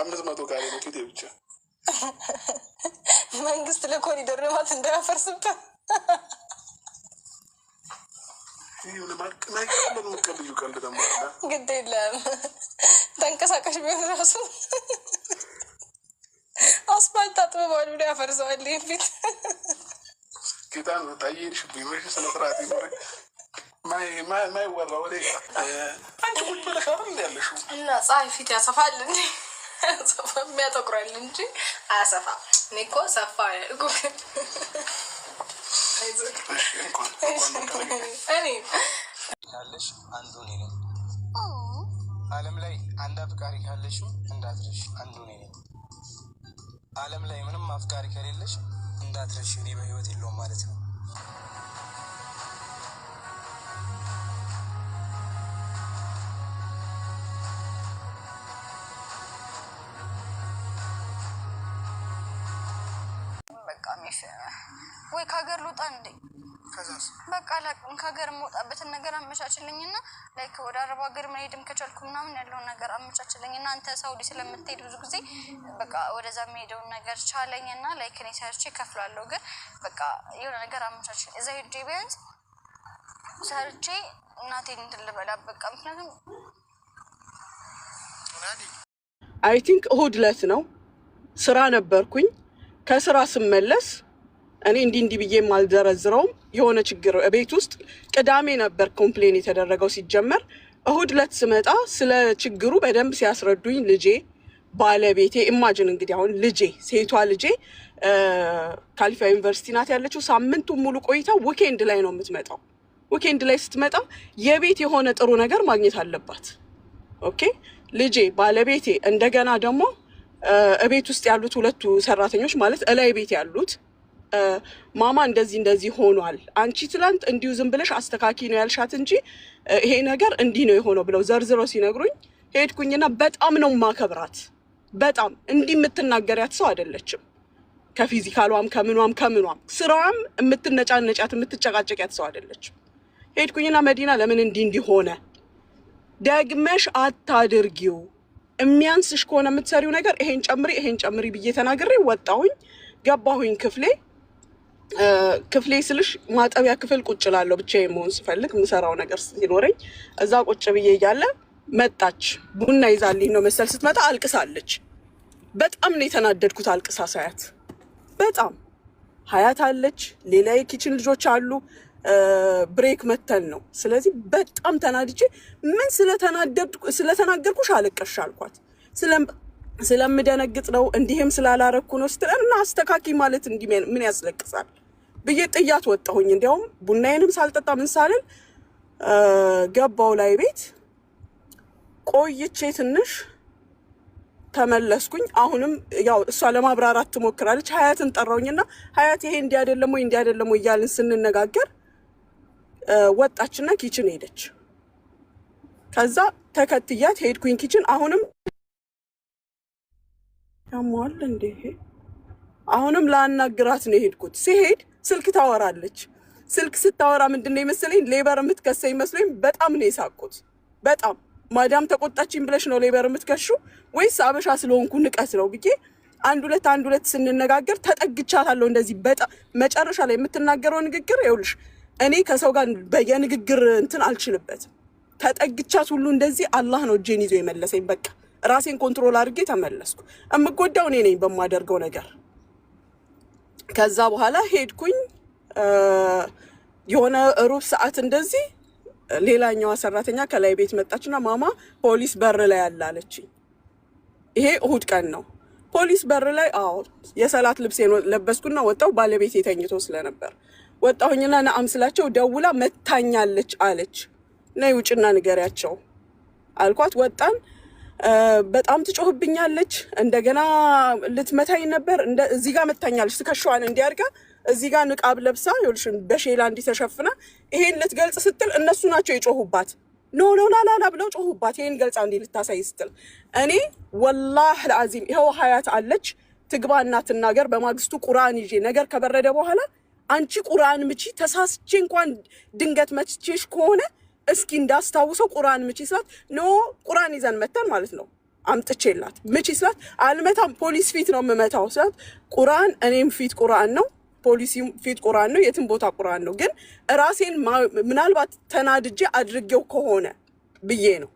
አምስት መቶ ካሬ ነው ፊቴ ብቻ። መንግስት ለኮሪደር ልማት እንዳያፈርስበት ግድ የለም። ተንቀሳቃሽ ቢሆን ራሱ አስፋልት አጥብበዋል ብሎ ያፈርሰዋል። ይህ ፊት ጌታን ታየሽብኝ መሽ ስነስርዓት ይኖረ ማይወራ ወደ አንድ ጉድ በለሻ ያለሽ እና ፀሐይ ፊት ያሰፋል እንዴ የሚያጠቁራል እንጂ አያሰፋ። እኔ እኮ ሰፋ ያልኩ አንዱ እኔ ነኝ። ዓለም ላይ አንድ አፍቃሪ ካለሽ እንዳትረሽ አንዱ እኔ ነኝ። ዓለም ላይ ምንም አፍቃሪ ከሌለሽ እንዳትረሽ እኔ በህይወት የለውም ማለት ነው። በቃ ሚሽ ወይ ከሀገር ልውጣ እንዴ? በቃ አላውቅም። ከሀገር የምወጣበትን ነገር አመቻችልኝና ላይክ ወደ አረብ ሀገር መሄድም ከቻልኩ ምናምን ያለውን ነገር አመቻችልኝና አንተ ሳውዲ ስለምትሄድ ብዙ ጊዜ በቃ ወደዛ የሚሄደውን ነገር ቻለኝና ላይክ እኔ ሰርቼ እከፍላለሁ፣ ግን በቃ የሆነ ነገር አመቻችልኝ። እዛ ሄጄ ቢያንስ ሰርቼ እናቴን እንድልበላ በቃ ምክንያቱም አይ ቲንክ እሁድ ዕለት ነው ስራ ነበርኩኝ ከስራ ስመለስ እኔ እንዲህ እንዲህ ብዬ የማልዘረዝረውም የሆነ ችግር ቤት ውስጥ ቅዳሜ ነበር ኮምፕሌን የተደረገው ሲጀመር። እሁድ ዕለት ስመጣ ስለ ችግሩ በደንብ ሲያስረዱኝ ልጄ ባለቤቴ ኢማጅን እንግዲህ አሁን ልጄ ሴቷ ልጄ ካሊፋ ዩኒቨርሲቲ ናት ያለችው። ሳምንቱን ሙሉ ቆይታ ዊኬንድ ላይ ነው የምትመጣው። ዊኬንድ ላይ ስትመጣ የቤት የሆነ ጥሩ ነገር ማግኘት አለባት። ኦኬ ልጄ ባለቤቴ እንደገና ደግሞ እቤት ውስጥ ያሉት ሁለቱ ሰራተኞች ማለት እላይ ቤት ያሉት ማማ እንደዚህ እንደዚህ ሆኗል፣ አንቺ ትላንት እንዲሁ ዝም ብለሽ አስተካኪ ነው ያልሻት እንጂ ይሄ ነገር እንዲህ ነው የሆነው ብለው ዘርዝረው ሲነግሩኝ ሄድኩኝና በጣም ነው ማከብራት። በጣም እንዲህ የምትናገሪያት ሰው አይደለችም። ከፊዚካሏም ከምኗም ከምኗም ስራዋም የምትነጫነጫት የምትጨቃጨቂያት ሰው አይደለችም። ሄድኩኝና መዲና ለምን እንዲህ እንዲህ ሆነ ደግመሽ አታድርጊው የሚያንስሽ ከሆነ የምትሰሪው ነገር ይሄን ጨምሪ ይሄን ጨምሪ ብዬ ተናግሬ ወጣሁኝ። ገባሁኝ ክፍሌ ክፍሌ ስልሽ ማጠቢያ ክፍል ቁጭ ላለው ብቻ የመሆን ስፈልግ የምሰራው ነገር ሲኖረኝ እዛ ቁጭ ብዬ እያለ መጣች። ቡና ይዛልኝ ነው መሰል ስትመጣ አልቅሳለች። በጣም ነው የተናደድኩት አልቅሳ ሳያት። በጣም ሀያት አለች፣ ሌላ የኪችን ልጆች አሉ። ብሬክ መተን ነው። ስለዚህ በጣም ተናድጄ ምን ስለተናገርኩሽ አለቀሽ አልኳት። ስለምደነግጥ ነው እንዲህም ስላላረኩ ነው ስትል እና አስተካኪ ማለት እንዲህ ምን ያስለቅሳል ብዬ ጥያት ወጣሁኝ። እንዲያውም ቡናዬንም ሳልጠጣ ምን ሳልል ገባው ላይ ቤት ቆይቼ ትንሽ ተመለስኩኝ። አሁንም ያው እሷ ለማብራራት ትሞክራለች። ሀያትን ጠራውኝና ሀያት ይሄ እንዲህ አይደለም ወይ እንዲህ አይደለም ወይ እያልን ስንነጋገር ወጣችና ኪችን ሄደች። ከዛ ተከትያት ሄድኩኝ ኪችን። አሁንም ያሟል እንዴ አሁንም ላናግራት ነው የሄድኩት። ሲሄድ ስልክ ታወራለች። ስልክ ስታወራ ምንድን ነው የመሰለኝ ሌበር የምትከሰኝ መስሎኝ በጣም ነው የሳቁት። በጣም ማዳም ተቆጣችኝ ብለሽ ነው ሌበር የምትከሹ ወይስ አበሻ ስለሆንኩ ንቀት ነው ብዬ አንድ ሁለት አንድ ሁለት ስንነጋገር ተጠግቻታለሁ። እንደዚህ በጣም መጨረሻ ላይ የምትናገረው ንግግር ይኸውልሽ እኔ ከሰው ጋር በየንግግር እንትን አልችልበትም። ተጠግቻት ሁሉ እንደዚህ አላህ ነው እጄን ይዞ የመለሰኝ። በቃ ራሴን ኮንትሮል አድርጌ ተመለስኩ። የምጎዳው እኔ ነኝ በማደርገው ነገር። ከዛ በኋላ ሄድኩኝ የሆነ ሩብ ሰዓት እንደዚህ ሌላኛዋ ሰራተኛ ከላይ ቤት መጣችና ማማ ፖሊስ በር ላይ አለ አለችኝ። ይሄ እሁድ ቀን ነው። ፖሊስ በር ላይ አዎ፣ የሰላት ልብስ ለበስኩና ወጣው። ባለቤት የተኝቶ ስለነበር ወጣሁኝና ነአም ስላቸው ደውላ መታኛለች አለች። ነይ ውጭና ንገሪያቸው አልኳት። ወጣን። በጣም ትጮህብኛለች። እንደገና ልትመታኝ ነበር። እዚህ ጋር መታኛለች። ትከሻዋን እንዲያርጋ እዚህ ጋር ንቃብ ለብሳ ይኸውልሽ፣ በሼላ እንዲተሸፍና ይሄን ልትገልጽ ስትል እነሱ ናቸው የጮሁባት። ኖ ኖ ላላላ ብለው ጮሁባት። ይሄን ገልጻ እንዲ ልታሳይ ስትል እኔ ወላህ ለአዚም ይኸው ሀያት አለች ትግባና ትናገር። በማግስቱ ቁርአን ይዤ ነገር ከበረደ በኋላ አንቺ ቁርአን ምቺ ተሳስቼ እንኳን ድንገት መትቼሽ ከሆነ እስኪ እንዳስታውሰው ቁርአን ምቺ ስላት፣ ኖ ቁርአን ይዘን መተን ማለት ነው። አምጥቼላት ምቺ ስላት፣ አልመታም ፖሊስ ፊት ነው የምመታው ስላት፣ ቁርአን እኔም ፊት ቁርአን ነው ፖሊሲ ፊት ቁርአን ነው፣ የትም ቦታ ቁርአን ነው። ግን ራሴን ምናልባት ተናድጄ አድርጌው ከሆነ ብዬ ነው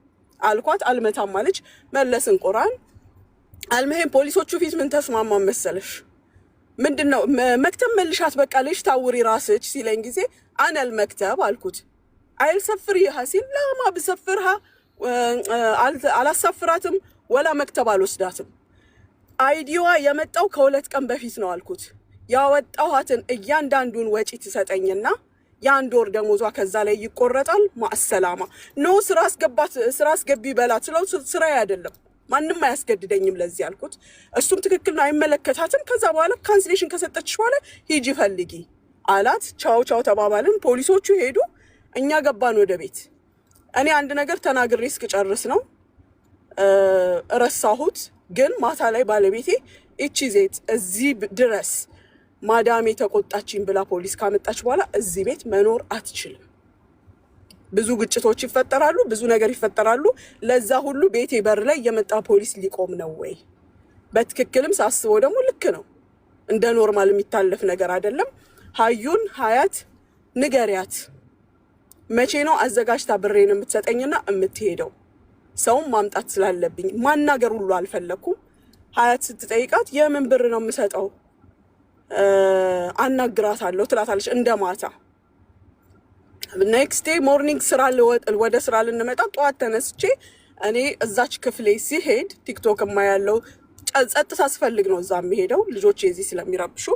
አልኳት። አልመታም አለች። መለስን ቁርአን አልመሄን ፖሊሶቹ ፊት ምን ተስማማ መሰለሽ ምንድን ነው መክተብ መልሻት በቃ ልጅ ታውሪ ራስች ሲለኝ ጊዜ አነል መክተብ አልኩት። አይልሰፍር ይሃ ሲል ላማ ብሰፍርሃ አላሳፍራትም ወላ መክተብ አልወስዳትም። አይዲዋ የመጣው ከሁለት ቀን በፊት ነው አልኩት። ያወጣኋትን እያንዳንዱን ወጪ ትሰጠኝና የአንድ ወር ደሞዟ ከዛ ላይ ይቆረጣል። ማሰላማ ኖ ስራ አስገባት ስራ አስገቢ በላት ስለው ስራ አይደለም ማንም አያስገድደኝም ለዚህ ያልኩት። እሱም ትክክል ነው፣ አይመለከታትም። ከዛ በኋላ ካንስሌሽን ከሰጠች በኋላ ሂጂ ፈልጊ አላት። ቻው ቻው ተባባልን። ፖሊሶቹ ሄዱ፣ እኛ ገባን ወደ ቤት። እኔ አንድ ነገር ተናግሬ እስክጨርስ ነው ረሳሁት። ግን ማታ ላይ ባለቤቴ እቺ ዜት እዚህ ድረስ ማዳሜ ተቆጣችኝ ብላ ፖሊስ ካመጣች በኋላ እዚህ ቤት መኖር አትችልም ብዙ ግጭቶች ይፈጠራሉ፣ ብዙ ነገር ይፈጠራሉ። ለዛ ሁሉ ቤቴ በር ላይ የመጣ ፖሊስ ሊቆም ነው ወይ? በትክክልም ሳስበው ደግሞ ልክ ነው። እንደ ኖርማል የሚታለፍ ነገር አይደለም። ሀዩን ሀያት ንገሪያት፣ መቼ ነው አዘጋጅታ ብሬን የምትሰጠኝና የምትሄደው? ሰውም ማምጣት ስላለብኝ ማናገር ሁሉ አልፈለግኩም። ሀያት ስትጠይቃት የምን ብር ነው የምሰጠው አናግራታለሁ ትላታለች እንደ ማታ ኔክስት ዴይ ሞርኒንግ ስራ ወደ ስራ ልንመጣ ጠዋት ተነስቼ እኔ እዛች ክፍሌ ሲሄድ ቲክቶክ የማያለው ጸጥታ አስፈልግ ነው እዛ የሚሄደው ልጆች የዚህ ስለሚረብሹ።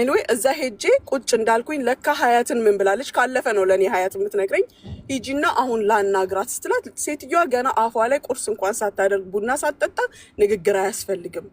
ኤኒዌይ እዛ ሄጄ ቁጭ እንዳልኩኝ ለካ ሀያትን ምን ብላለች፣ ካለፈ ነው ለእኔ ሀያት የምትነግረኝ። ሂጂና አሁን ላናግራት ስትላት ሴትዮዋ ገና አፏ ላይ ቁርስ እንኳን ሳታደርግ ቡና ሳትጠጣ ንግግር አያስፈልግም